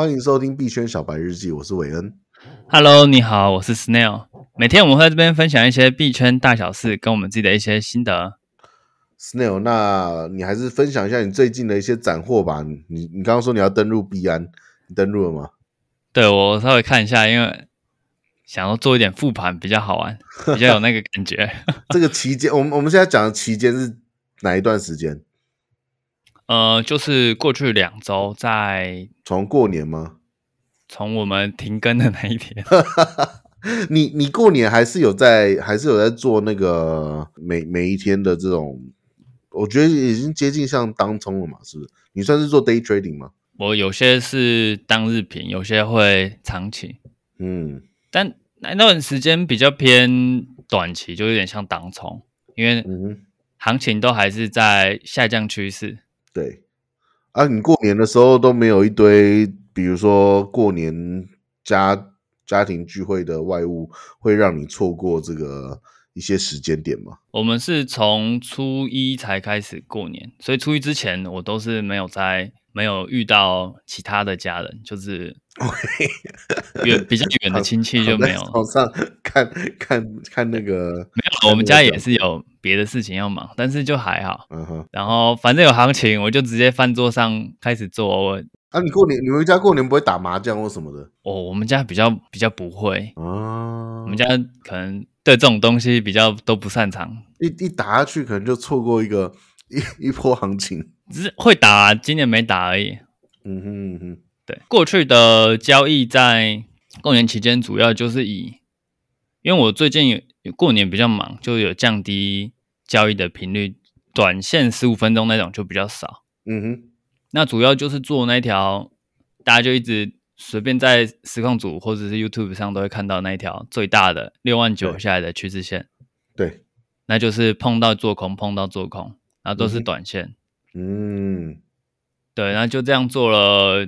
歡迎收聽幣圈小白日記，我是韋恩。Hello，你好，我是 Snail。每天我們會在這邊分享一些幣圈大小事，跟我們自己的一些心得。Snail，那你還是分享一下你最近的一些斬獲吧。你你剛剛說你要登錄幣安，你登錄了嗎？對，我稍微看一下，因為想要做一點復盤比較好玩，比較有那個感覺。 這個期間，我們 我們現在講的期間是哪一段時間？呃，就是過去兩周在。從過年嗎？從我們停更的那一天， 哈哈哈，你你過年還是有在，還是有在做那個每每一天的這種，我覺得已經接近像當沖了嘛，是不是？你算是做 day trading 嗎？我有些是當日平，有些會長期，嗯，但那段時間比較偏短期，就有點像當沖，因為嗯行情都還是在下降趨勢。對，啊，你過年的時候都沒有一堆，比如說過年家家庭聚會的外務，會讓你錯過這個一些時間點嗎？我們是從初一才開始過年，所以初一之前我都是沒有在沒有遇到其他的家人，就是遠比較遠的親戚就沒有。 早上看看看那個。我們家也是有別的事情要忙，但是就還好。嗯哼，然後反正有行情，我就直接飯桌上開始做。我啊，你過年你回家過年不會打麻將或什麼的？哦，我們家比較比較不會啊。我們家可能對這種東西比較都不擅長，一一打下去可能就錯過一個一一波行情。只是會打啊，今年沒打而已。嗯哼嗯哼，對，過去的交易在過年期間主要就是以，因為我最近有。過年比較忙，就有降低交易的頻率，短線十五分鐘那種就比較少。嗯哼，那主要就是做那條，大家就一直隨便在實況主或者是 YouTube 上都會看到那一條最大的六萬九下來的趨勢線對。對，那就是碰到做空，碰到做空，然後都是短線。嗯，嗯，對，然後就這樣做了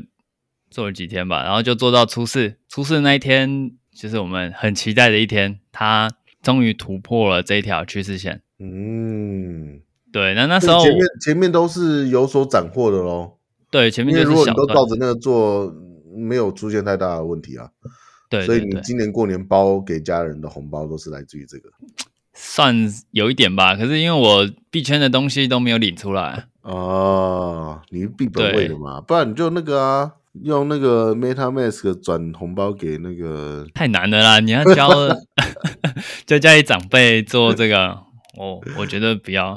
做了幾天吧，然後就做到初四。初四那一天，其實就是我們很期待的一天，它。終於突破了這一條趨勢線。嗯，對，那那時候前面前面都是有所斬獲的嘍。對，前面如果你都照着那個做，沒有出現太大的問題啊。對，對，對，所以你今年過年包給家人的紅包都是來自於這個，算有一點吧。可是因為我幣圈的東西都沒有領出來哦、呃，你幣本位的嘛，對不然你就那個啊，用那個 MetaMask 轉紅包給那個，太難的啦，你要交。 叫 家裡長輩做這個，我、 oh, 我覺得不要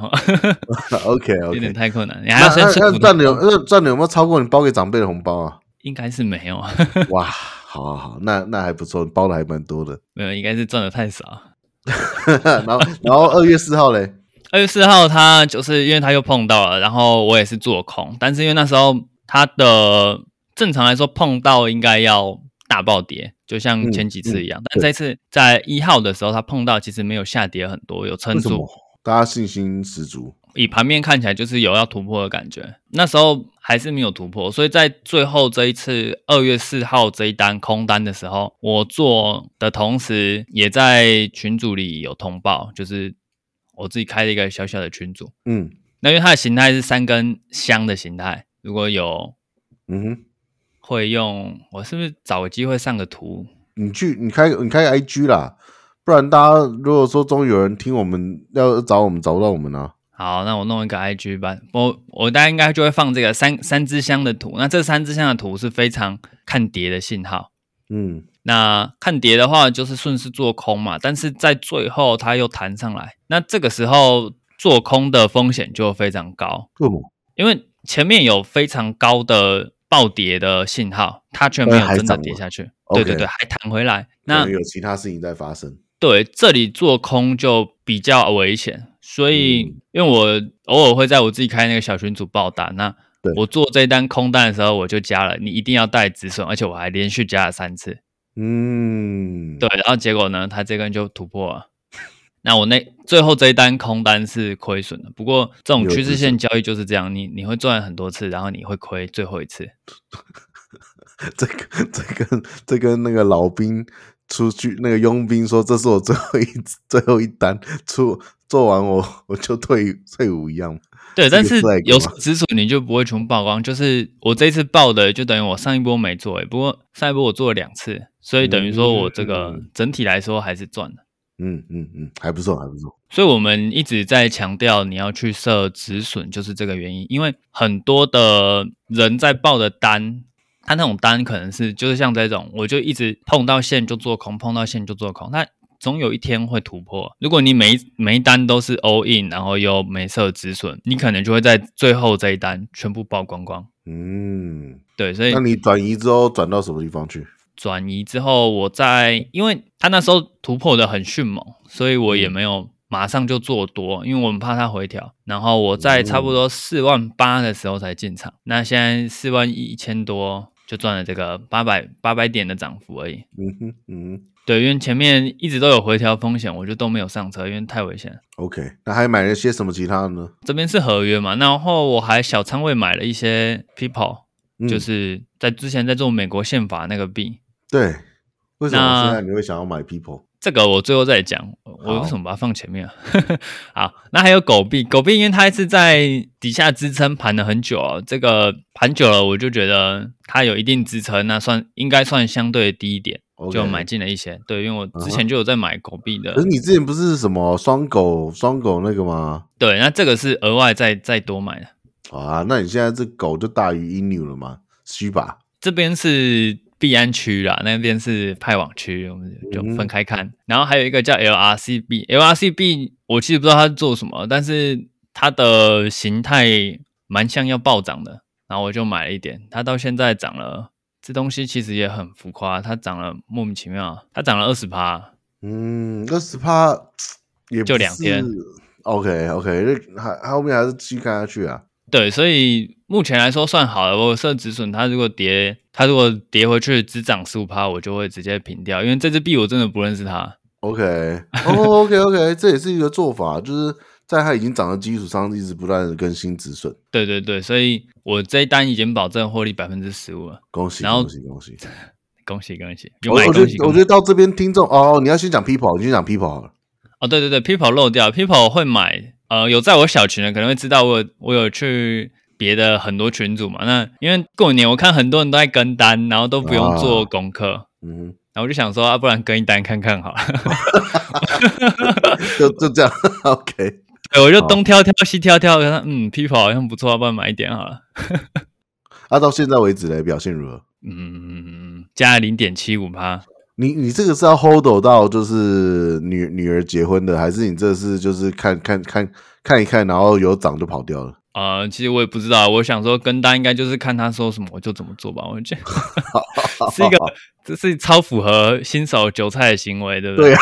，OK，, okay. 有點太困難。 那你還要先辛苦。那賺你，賺你有沒有超過你包給長輩的紅包啊？應該是沒有啊。 哇，好，好，好，那那還不錯，包的還蠻多的。 沒有，應該是賺的太少。 然後，然後二月四號咧，二 月四號他就是因為他又碰到了，然後我也是做空，但是因為那時候他的正常來說碰到應該要。大暴跌，就像前幾次一樣。嗯嗯、但這次在一號的時候，它碰到其實沒有下跌很多，有撐住。大家信心十足。以盤面看起來就是有要突破的感覺，那時候還是沒有突破。所以在最後這一次二月四號這一單空單的時候，我做的同時也在群組裡有通報，就是我自己開了一個小小的群組。嗯，那因為它的形態是三根香的形態，如果有，嗯哼。會用我是不是找個機會上個圖？你去，你開，你開 IG 啦，不然大家如果說終於有人聽，我們要找我們找不到我們呢、啊。好，那我弄一個 IG 吧。我我大家應該就會放這個三三支香的圖。那這三支香的圖是非常看跌的信號。嗯，那看跌的話就是順勢做空嘛。但是在最後它又彈上來，那這個時候做空的風險就非常高。為什麼？因為前面有非常高的。暴跌的信號，它卻沒有真的跌下去。Okay. 對對對，還彈回來。那有其他事情在發生。對，這裡做空就比較危險，所以、嗯、因為我偶爾會在我自己開那個小群組報單，那對我做這單空單的時候，我就加了，你一定要帶止損，而且我還連續加了三次。嗯，對，然後結果呢，它這根就突破了。那我那最後這一單空單是虧損的，不過這種趨勢線交易就是這樣，你你會賺很多次，然後你會虧最後一次。 這個這個這個那個老兵出去那個傭兵說，這是我最後一最後一單出做完我我就退退伍一樣。對，直但是有止損你就不會全部曝光。就是我這次報的就等於我上一波沒做、欸，不過上一波我做了兩次，所以等於說我這個整體來說還是賺的。嗯嗯嗯嗯，還不錯，還不錯。所以，我們一直在強調你要去設止損，就是這個原因。因為很多的人在報的單，他那種單可能是就是像這種，我就一直碰到線就做空，碰到線就做空。那總有一天會突破。如果你每每一單都是 all in，然後又沒設止損，你可能就會在最後這一單全部爆光光。嗯，對。所以那你轉移之後轉到什麼地方去？轉移之後，我在因為他那時候突破的很迅猛，所以我也沒有馬上就做多，因為我們怕他回調。然後我在差不多四萬八的時候才進場。那現在四萬一千多就賺了這個八百八百點的漲幅而已。嗯哼，嗯哼，對，因為前面一直都有回調風險，我就都沒有上車，因為太危險。OK，那還買了些什麼其他的呢？這邊是合約嘛，然後我還小倉位買了一些 PEOPLE，就是在之前在做美國憲法那個幣。對，為什麼現在你會想要買 People？這個我最後再講，我為什麼把它放前面？好， 好，那還有狗幣，狗幣因為它是在底下支撐盤了很久啊、哦，這個盤久了我就覺得它有一定支撐，那算應該算相對低一點，Okay. 就買進了一些。對，因為我之前就有在買狗幣的、啊。可是你之前不是什麼雙狗雙狗那個嗎？對，那這個是額外再再多買的。好啊，那你現在這狗就大於 Inu 了嗎？虛吧，這邊是。幣安區啦，那邊是派網區，我們就分開看。嗯、然後還有一個叫 LRCB，LRCB 我其實不知道它是做什麼，但是它的形態蠻像要暴漲的。然後我就買了一點，它到現在漲了。這東西其實也很浮誇，它漲了莫名其妙，它漲了二十趴。嗯，二十趴，也就兩天。OK OK，那還後面還是繼續看下去啊。對，所以目前來說算好了。我設止損，它如果跌，它如果跌回去只漲十五趴，我就會直接平掉。因為這支幣我真的不認識它。OK，哦，OK，OK，這也是一個做法，就是在它已經漲的基礎上，一直不斷的更新止損。對對對，所以我這一單已經保證獲利百分之十五了，恭喜，然後恭喜，恭喜， 恭喜，恭喜。哦、恭喜我覺得，喜我覺得到這邊聽眾哦，你要先講 People，你先講 People 好了。哦，對對對，People 漏掉，People 會買。呃，有在我小群的可能會知道我有我有去別的很多群組嘛？那因為過年我看很多人都在跟單，然後都不用做功課，啊、嗯，然後我就想說，要、啊、不然跟一單看看好了， 就就這樣，OK，對，我就東挑挑西挑挑，啊、嗯，People 好像不錯，要不然買一點好了。 啊，到現在為止嘞，表現如何？嗯，嗯，嗯，嗯，嗯，加零點七五趴。你你這個是要 hold 到就是女女兒結婚的，還是你這是就是看看看看一看，然後有漲就跑掉了？啊、呃，其實我也不知道，我想說跟單應該就是看她說什麼我就怎麼做吧。我覺得 是一個， 這是超符合新手韭菜的行為，對不對？對啊，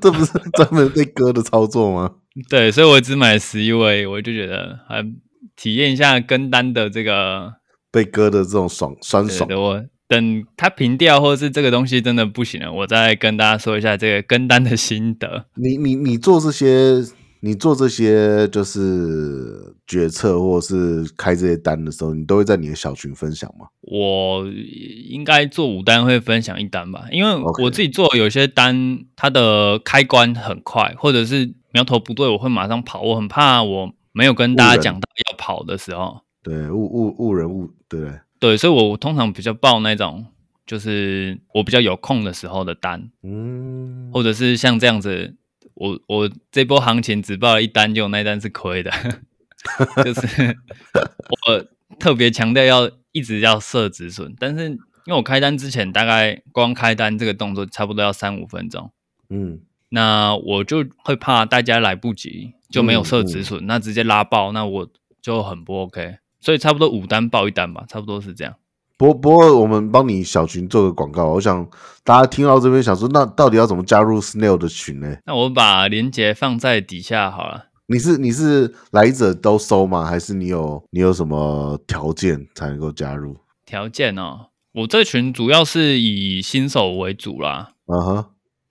這不是專門被割的操作嗎？ 對，所以我只買十一位，我就覺得還體驗一下跟單的這個被割的這種爽酸爽。對對對等它平掉，或者是這個東西真的不行了，我再跟大家說一下這個跟單的心得。你你你做這些，你做這些就是決策，或者是開這些單的時候，你都會在你的小群分享嗎？我應該做五單會分享一單吧，因為我自己做有些單，它的開關很快，Okay 或者是苗頭不對，我會馬上跑。我很怕我沒有跟大家講到要跑的時候。對，誤誤誤人誤，對。對，所以我通常比較報那種，就是我比較有空的時候的單，嗯，或者是像這樣子，我我這波行情只報了一單，就那一單是虧的， 就是 我特別強調要一直要設止損，但是因為我開單之前大概光開單這個動作差不多要三五分鐘，嗯，那我就會怕大家來不及就沒有設止損，嗯嗯、那直接拉爆，那我就很不 OK。所以差不多五單報一單吧，差不多是這樣。不過不過我們幫你小群做個廣告，我想大家聽到這邊想說，那到底要怎麼加入 Snail 的群呢？那我把鏈接放在底下好了。你是你是來者都收嗎？還是你有你有什麼條件才能夠加入？條件哦，我這群主要是以新手為主啦。啊哈、uh-huh、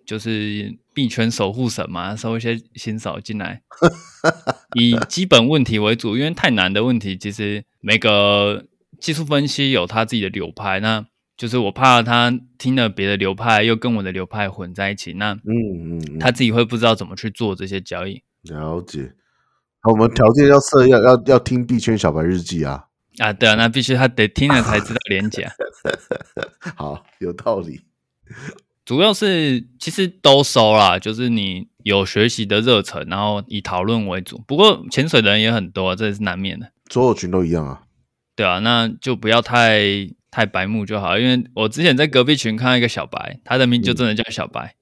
就是幣圈守護神嘛，收一些新手進來。 以基本問題為主，因為太難的問題，其實每個技術分析有他自己的流派，那就是我怕他聽了別的流派，又跟我的流派混在一起，那嗯嗯，他自己會不知道怎麼去做這些交易。嗯嗯嗯、了解，好，我們條件要設，要要要聽幣圈小白日記啊啊，對啊，那必須他得聽了才知道連結、啊、好，有道理。主要是其實都收啦，就是你有學習的熱忱，然後以討論為主。不過潛水的人也很多，啊，這也是難免的。所有群都一樣啊？對啊，那就不要太太白目就好。因為我之前在隔壁群看到一個小白，他的名字就真的叫小白，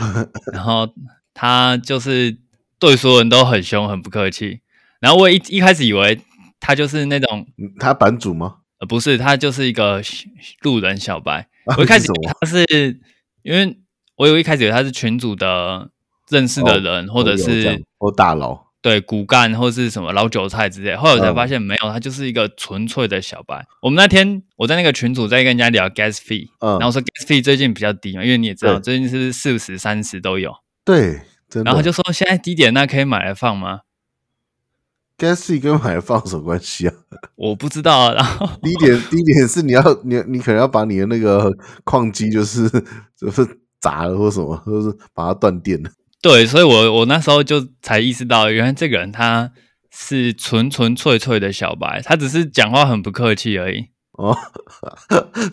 嗯、然後他就是對所有人都很凶，很不客氣。然後我一一開始以為他就是那種、嗯、他版主嗎？呃，不是，他就是一個路人小白。啊，我一開始以為他是。因為我有一開始以為他是群主的認識的人，哦、或者是哦大佬，對骨幹或者是什麼老韭菜之類的，後來我才發現沒有，他、嗯、就是一個純粹的小白。我們那天我在那個群組在跟人家聊 gas fee，、嗯、然後說 gas fee 最近比較低嘛，因為你也知道、嗯、最近是四十三十都有，對。真的。然後就說現在低點，那可以買來放嗎？跟自跟買的放什麼關係啊？我不知道、啊。然後第一點，第一點是你要你你可能要把你的那個礦機就是就是砸了或者什麼，就是把它斷電了。對，所以我我那時候就才意識到，原來這個人他是純純粹粹的小白，他只是講話很不客氣而已。哦，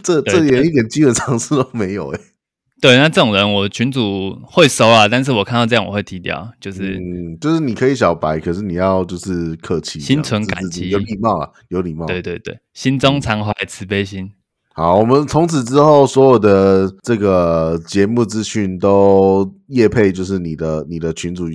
這這連一點基本常識都沒有誒、欸。對對 對，那這種人我群主會收啊，但是我看到這樣我會踢掉。就是、嗯，就是你可以小白，可是你要就是客氣，心存感激自自，有禮貌啊，有禮貌。對對對，心中常懷、嗯、慈悲心。好，我們從此之後所有的這個節目資訊都業配，就是你的你的群主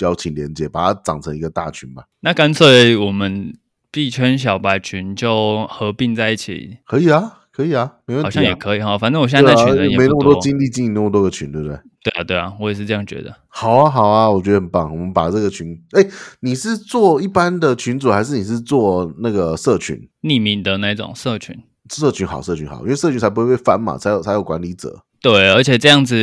邀請連結，把它長成一個大群吧。那乾脆我們幣圈小白群就合併在一起，可以啊。可以啊，沒問題、啊。好像也可以哈，反正我現在在群裡，也沒那麼多精力經營那麼多個群，對不對？對啊，對啊，我也是這樣覺得。好啊，好啊，我覺得很棒。我們把這個群，哎，你是做一般的群主，還是你是做那個社群匿名的那種社群？社群好，社群好，因為社群，為社群才不會被翻嘛，才有才有管理者。對，而且這樣子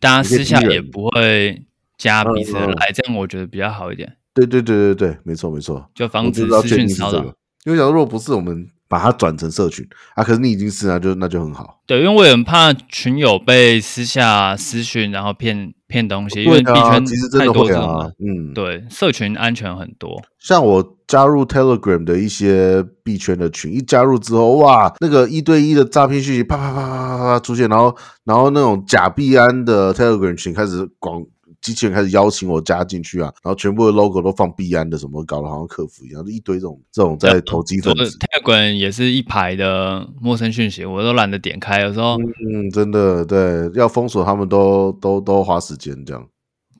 大家私下也不會加彼此的 LINE，嗯嗯，這樣我覺得比較好一點。對對對對對，對沒錯沒錯，就防止私訊騷擾、這個。因為假如若不是我們。把它轉成社群啊，可是你已經是啊，那就那就很好。對，因為我也很怕群友被私下私訊，然後騙騙東西，因為幣圈太多、啊、其實真的會啊，種嗯，對，社群安全很多。像我加入 Telegram 的一些幣圈的群，一加入之後，哇，那個一對一的詐騙信息啪啪啪啪啪啪出現，然後然後那種假幣安的 Telegram 群開始廣。機器人開始邀請我加進去啊，然後全部的 logo 都放幣安的什麼，搞得好像客服一樣，一堆這種這種在投機分子，就是、Telegram 也是一排的陌生訊息，我都懶得點開。有時候，嗯，真的，對，要封鎖他們都都都花時間這樣。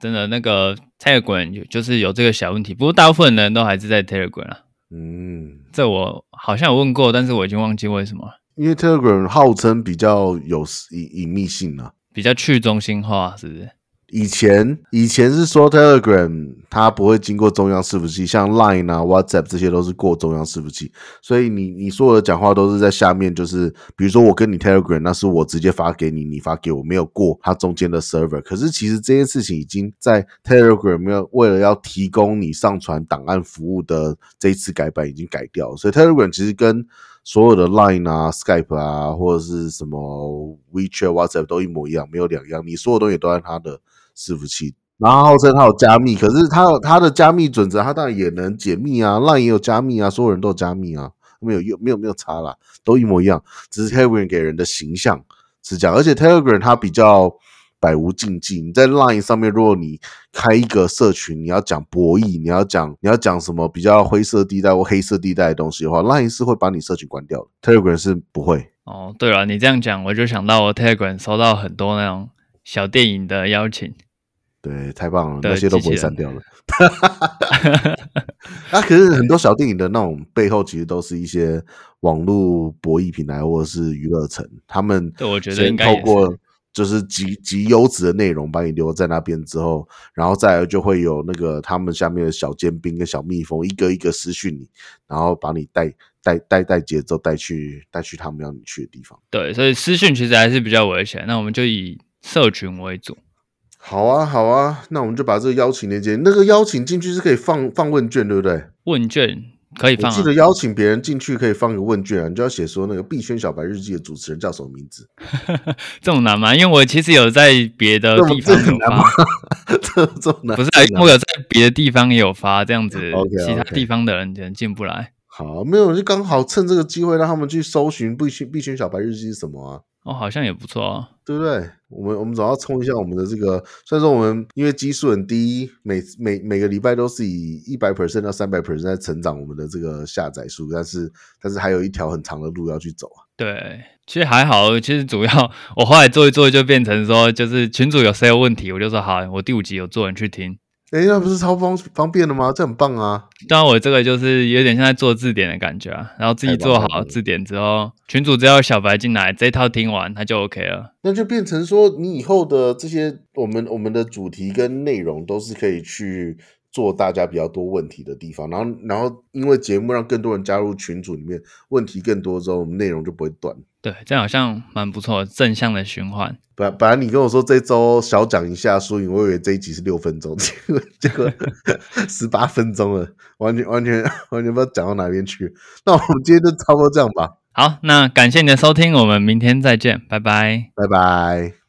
真的，那個 Telegram 有就是有這個小問題，不過大部分人都還是在 Telegram 啊。嗯，這我好像有問過，但是我已經忘記為什麼。因為 Telegram 號稱比較有隱隱秘性啊，比較去中心化，是不是？以前以前是說 Telegram 它不會經過中央伺服器，像 LINE 啊、WhatsApp 這些都是過中央伺服器，所以你你所有的講話都是在下面，就是比如說我跟你 Telegram，那是我直接發給你，你發給我，沒有過它中間的 server。可是其實這件事情已經在 Telegram 要為了要提供你上傳檔案服務的這一次改版已經改掉了，所以 Telegram 其實跟所有的 Line 啊、Skype 啊，或者是什麼 WeChat、WhatsApp 都一模一樣，沒有兩樣。你所有東西都按他的伺服器，然後號稱它有加密，可是它它的加密準則，它當然也能解密啊。Line 也有加密啊，所有人都有加密啊，沒有沒有沒有，沒有差啦，都一模一樣。只是 Telegram 給人的形象是這樣，而且 Telegram 它比較。百無禁忌，你在 LINE 上面，如果你開一個社群，你要講博弈，你要講你要講什麼比較灰色地帶或黑色地帶的東西的話，LINE 是會把你社群關掉的。Telegram 是不會。哦，對了、啊，你這樣講，我就想到我 Telegram 收到很多那種小電影的邀請，對，太棒了，對那些都不會刪掉了。啊，可是很多小電影的那種背後，其實都是一些網絡博弈平台或者是娛樂城，他們我覺得應該透過。就是極極優質的內容，把你留在那邊之後，然後再來就會有那個他們下面的小尖兵跟小蜜蜂，一個一個私訊你，然後把你帶帶帶帶節奏，帶去帶去他們要你去的地方。對，所以私訊其實還是比較危險。那我們就以社群為主。好啊，好啊，那我們就把這個邀請連結，那個邀請進去是可以放放問卷，對不對？問卷。可以放、啊，記得邀請別人進去，可以放一個問卷啊，你就要寫說那個《幣圈小白日記》的主持人叫什麼名字？ 這麼難嗎？因為我其實有在別的地方有發這，這麼難嗎？ 麼難不是，我有在別的地方也有發，這樣子， okay, okay. 其他地方的人可能進不來。好，沒有，就剛好趁這個機會讓他們去搜尋《幣圈幣圈小白日記》是什麼啊？哦，好像也不錯啊，對不對？我們我們總要衝一下我們的這個，雖然說我們因為基數很低，每每每個禮拜都是以一百 percent 到三百 percent 在成長我們的這個下載數，但是但是還有一條很長的路要去走啊。對，其實還好，其實主要我後來做一做就變成說，就是群主有誰有問題，我就說好，我第五集有做人去聽。哎，那不是超方方便的嗎？這很棒啊！但我這個就是有點像在做字典的感覺啊。然後自己做好字典之後，群主只要小白進來，這一套聽完他就 OK 了。那就變成說，你以後的這些我們我們的主題跟內容都是可以去。做大家比較多問題的地方，然後然後因為節目讓更多人加入群組裡面，問題更多之後，內容就不會斷。對，這樣好像蠻不錯，正向的循環。本本來你跟我說這周小講一下輸贏，我以為這一集是六分鐘，結果結果十八 分鐘了，完全完全完全不知道講到哪邊去。那我們今天就差不多這樣吧。好，那感謝你的收聽，我們明天再見，拜拜，拜拜。